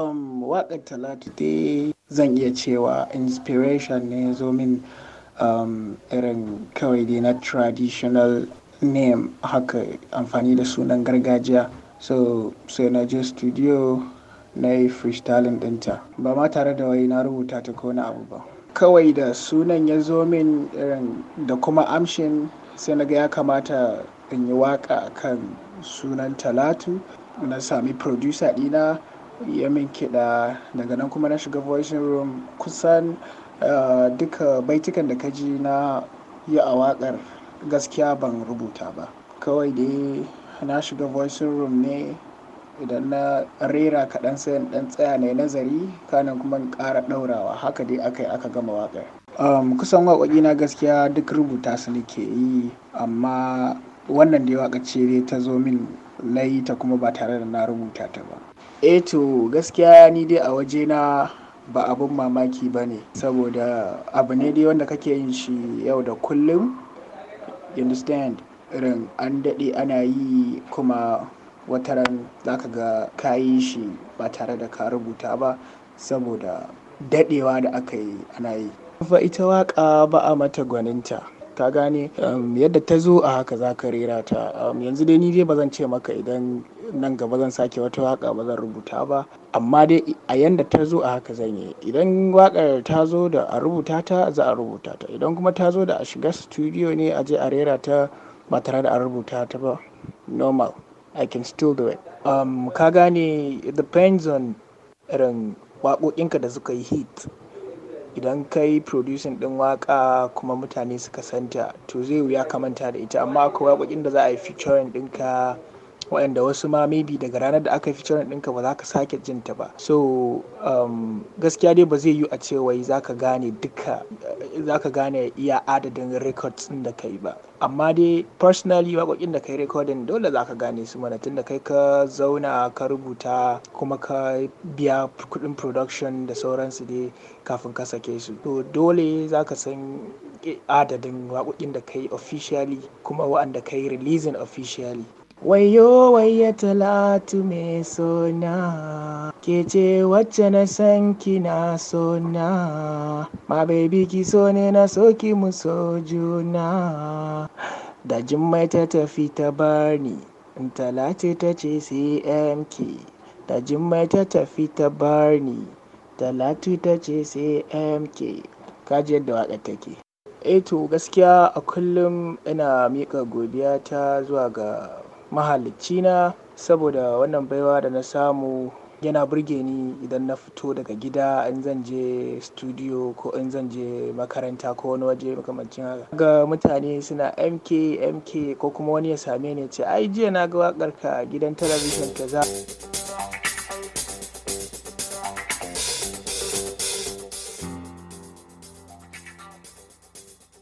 um, waƙar talatu dai zan iya cewa inspiration ne zo min um, irin kawai dai na traditional name haka amfani da sunan gargajiya so sai na je studio na yi freestyling ɗinta ba ma tare da wai na rubuta ta ko na abu ba kawai da sunan ya zo min irin da kuma amshin sai na ga ya kamata in yi waka kan sunan talatu na sami producer ɗina ya min kiɗa daga nan kuma na shiga voicing room kusan eh, duka baitukan da ka ji na yi a waƙar gaskiya ban rubuta ba kawai dai na shiga voicing room ne idan na rera kaɗan sai ɗan tsaya na nazari kanan kuma ƙara ɗaurawa haka dai aka yi aka gama waƙar um, kusan waƙoƙi na gaskiya duk rubuta su nake yi amma wannan dai waƙa ce ta zo min layi ta kuma ba tare da na rubuta ta ba Eh to gaskiya ni dai a waje na ba abun mamaki ba ne, saboda abu ne dai wanda kake yin shi yau da kullum. You understand? Irin an daɗe ana yi kuma wataran za ka ga kayi shi ba tare da ka rubuta ba saboda daɗewa da aka yi ana yi. Fa ita waka ba a mata gwaninta. Ka gane? yadda ta zo a haka za ka rera ta. yanzu dai ni dai ba zan ce maka idan nan gaba zan sake wata waka ba zan rubuta ba amma dai a yanda ta zo a haka zan yi idan wakar ta zo da a rubuta ta za a rubuta ta idan kuma ta zo da a shiga studio ne a je a rera ta ba tare da a rubuta ta ba normal i can still do it um, ka gane it depends on irin waƙoƙinka da suka yi hit idan kai yi producing din waka kuma mutane suka santa to zai wuya ka manta da ita amma akwai waƙoƙin da za a yi featuring ɗinka waɗanda wasu ma maybe daga ranar da aka fi ciran ɗinka ba za ka sake jin ta ba so um, gaskiya dai ba zai yi a ce wai za ka gane iya adadin records ɗin da ka yi ba amma dai personally waƙoƙin da ka yi recording dole za ka gane su mana tun da kai ka zauna ka rubuta kuma ka biya kuɗin production da sauransu dai kafin ka sake su to dole za ka san adadin waƙoƙin da kai officially kuma waɗanda kai releasing officially Wayo waye talatu me sona ke ce wacce na san kina sona ma baby ki so ne na so ki mu so juna da jimmai ta tafi ta bani in talatu ta ce cmk da jimmai ta tafi ta bani talatu ta ce cmk yadda waka take eh to gaskiya a kullum ina miƙa godiya ta zuwa ga mahalicci na saboda wannan baiwa da na samu yana burge ni idan na fito daga gida in zan je studio ko in zan je makaranta ko wani waje makamancin haka ga mutane suna mk mk ko kuma wani ya same ni ce ai jiya na ga wakar ka gidan talabijin kaza